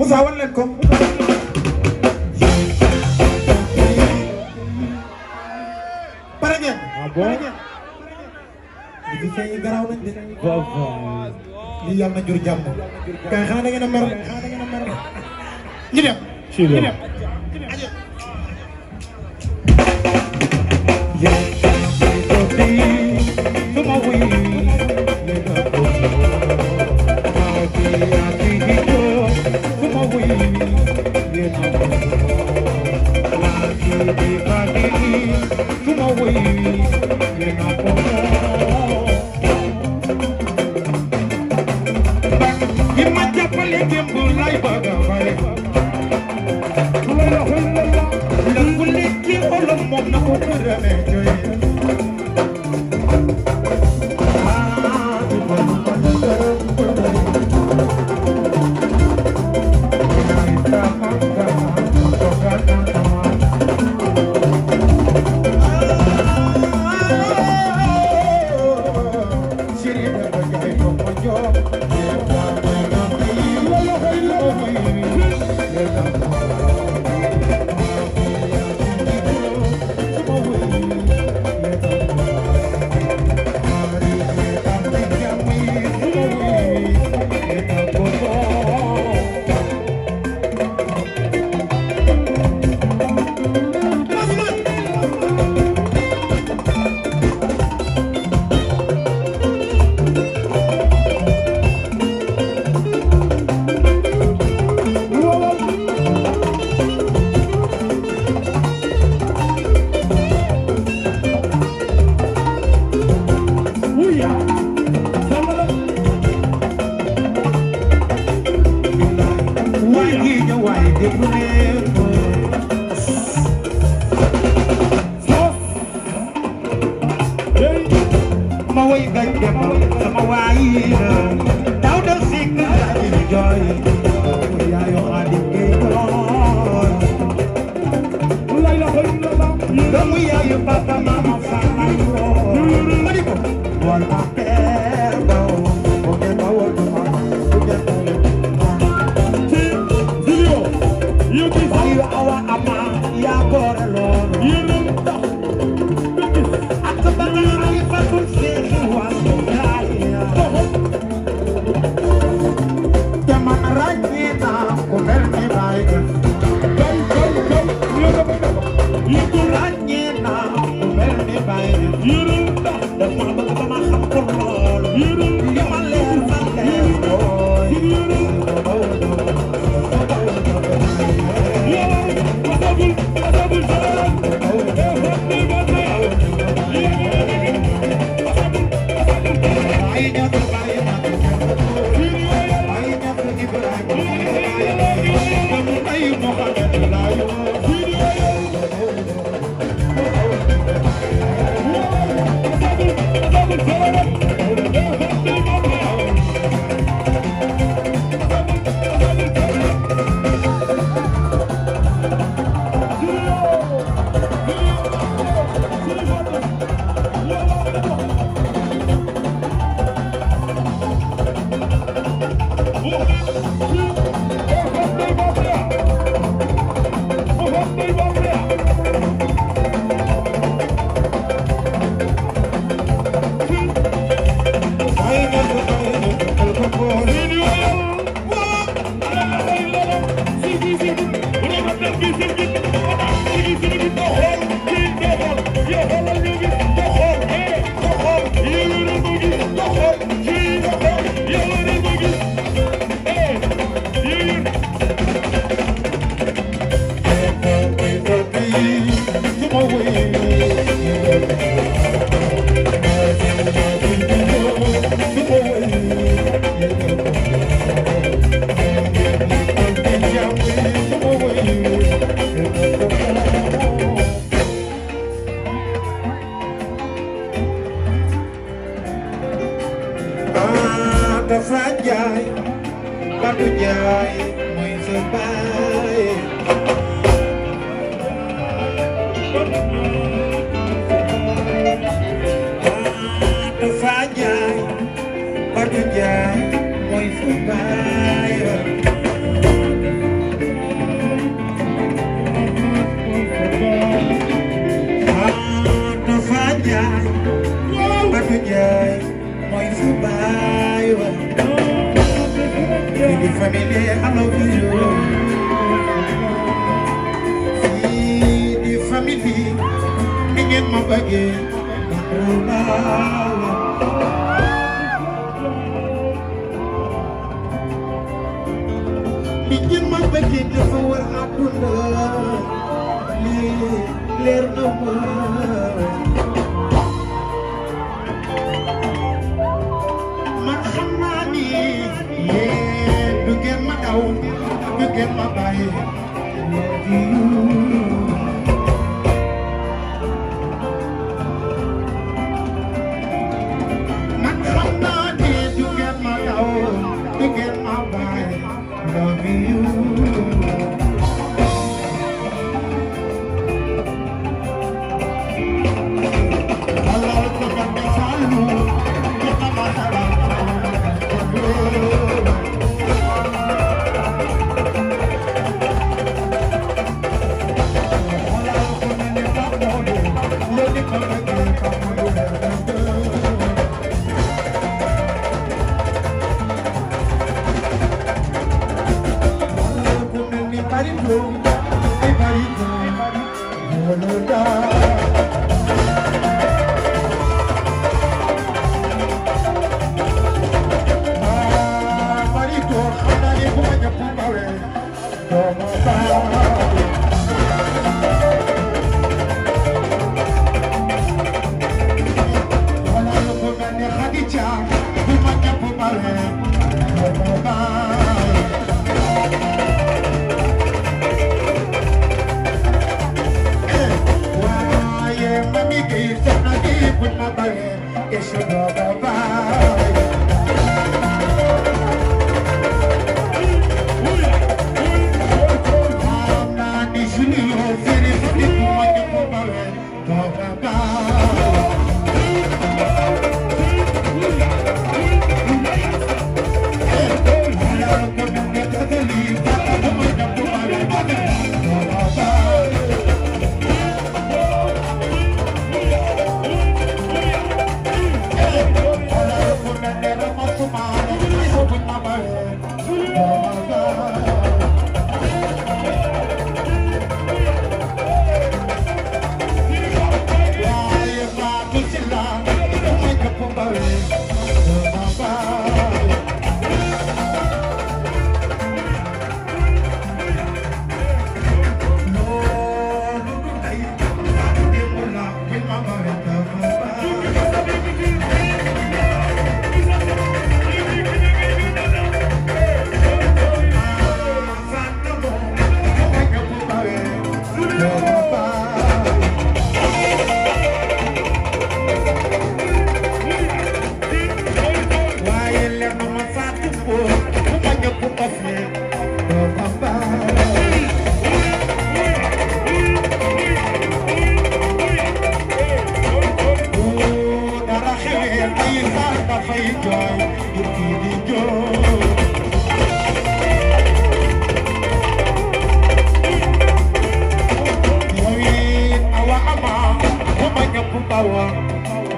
Moussa wan leen ko pare ngeen ah pare ngeen di fay garaaw nañ de lii yàlla na jur jàmm kay xanaa da ngeen a mer xanaa da ngeen a mer ñu dem ñu dem moom na ko gërëmee jooy dafa jaay Badou Ndiaye mooy sa baay mooy sa baby family I love you fii di family ni ngeen ma bëggee nangu naa la down, look at my body, I love you. como paz.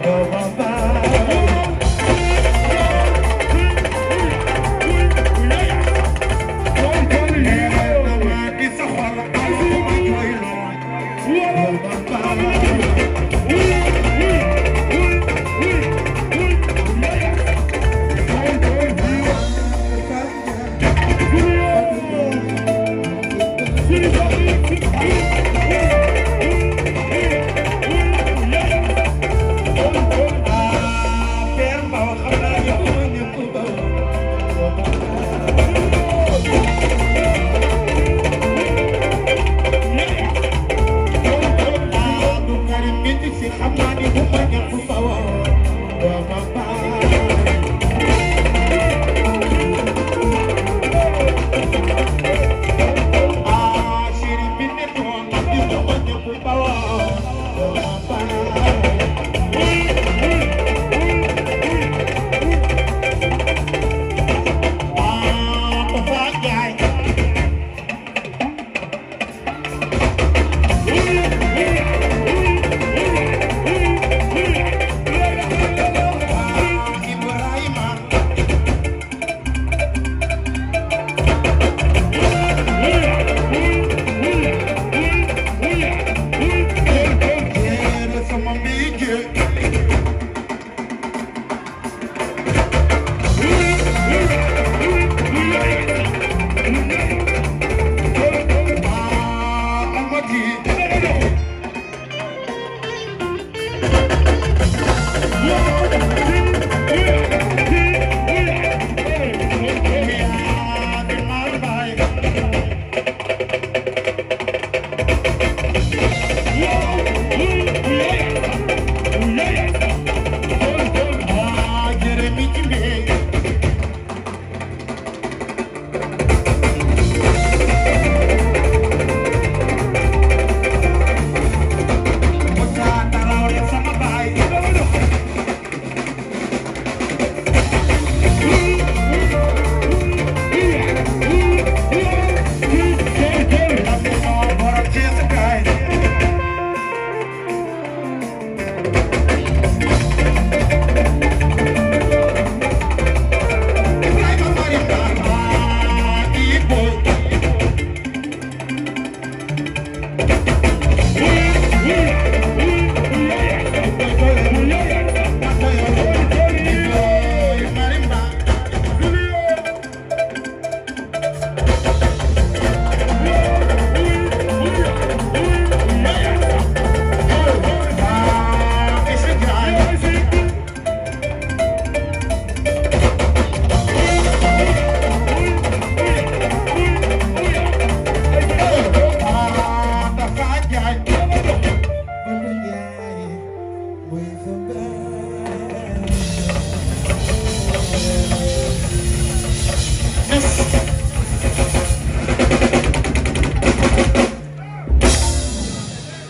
go on by.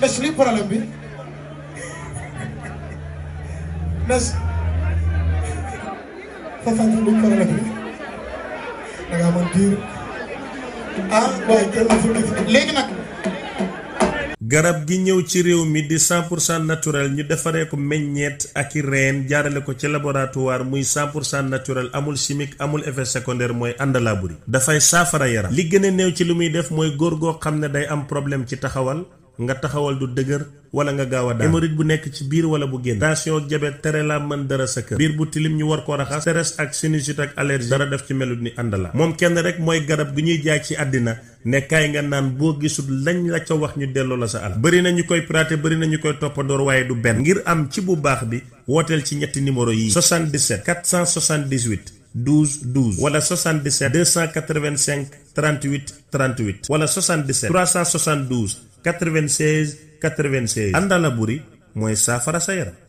Nes lii garab gi ñëw ci réew mi di 100 pour cent naturel ñu defaree ko meññeet ak i reen jaarale ko ci laboratoire muy cent pour cent naturel amul chimique amul effet secondaire mooy àndalaa buri dafay saafara yaram li gëna a ci li muy def mooy góor goo xam ne day am problème ci taxawal nga taxawal du dëgër wala nga gaaw a daan hémorroïde bu nekk ci biir wala bu génn tension ak tere la mën dara sa kër biir bu tilim ñu war koo raxas stress ak sinusite ak allergie dara def ci melut ni ànd la moom kenn rek mooy garab gi ñuy jaay ci àddina ne kaay nga naan boo gisul lañ la ca wax ñu delloo la sa alal bëri na ñu koy praté bëri na ñu koy toppandoor waaye du benn ngir am ci bu baax bi wooteel ci ñetti numéro yi 77 478 wala 77 285 wala 77 372 96 96. àndala buri mooy saafara sa yaram.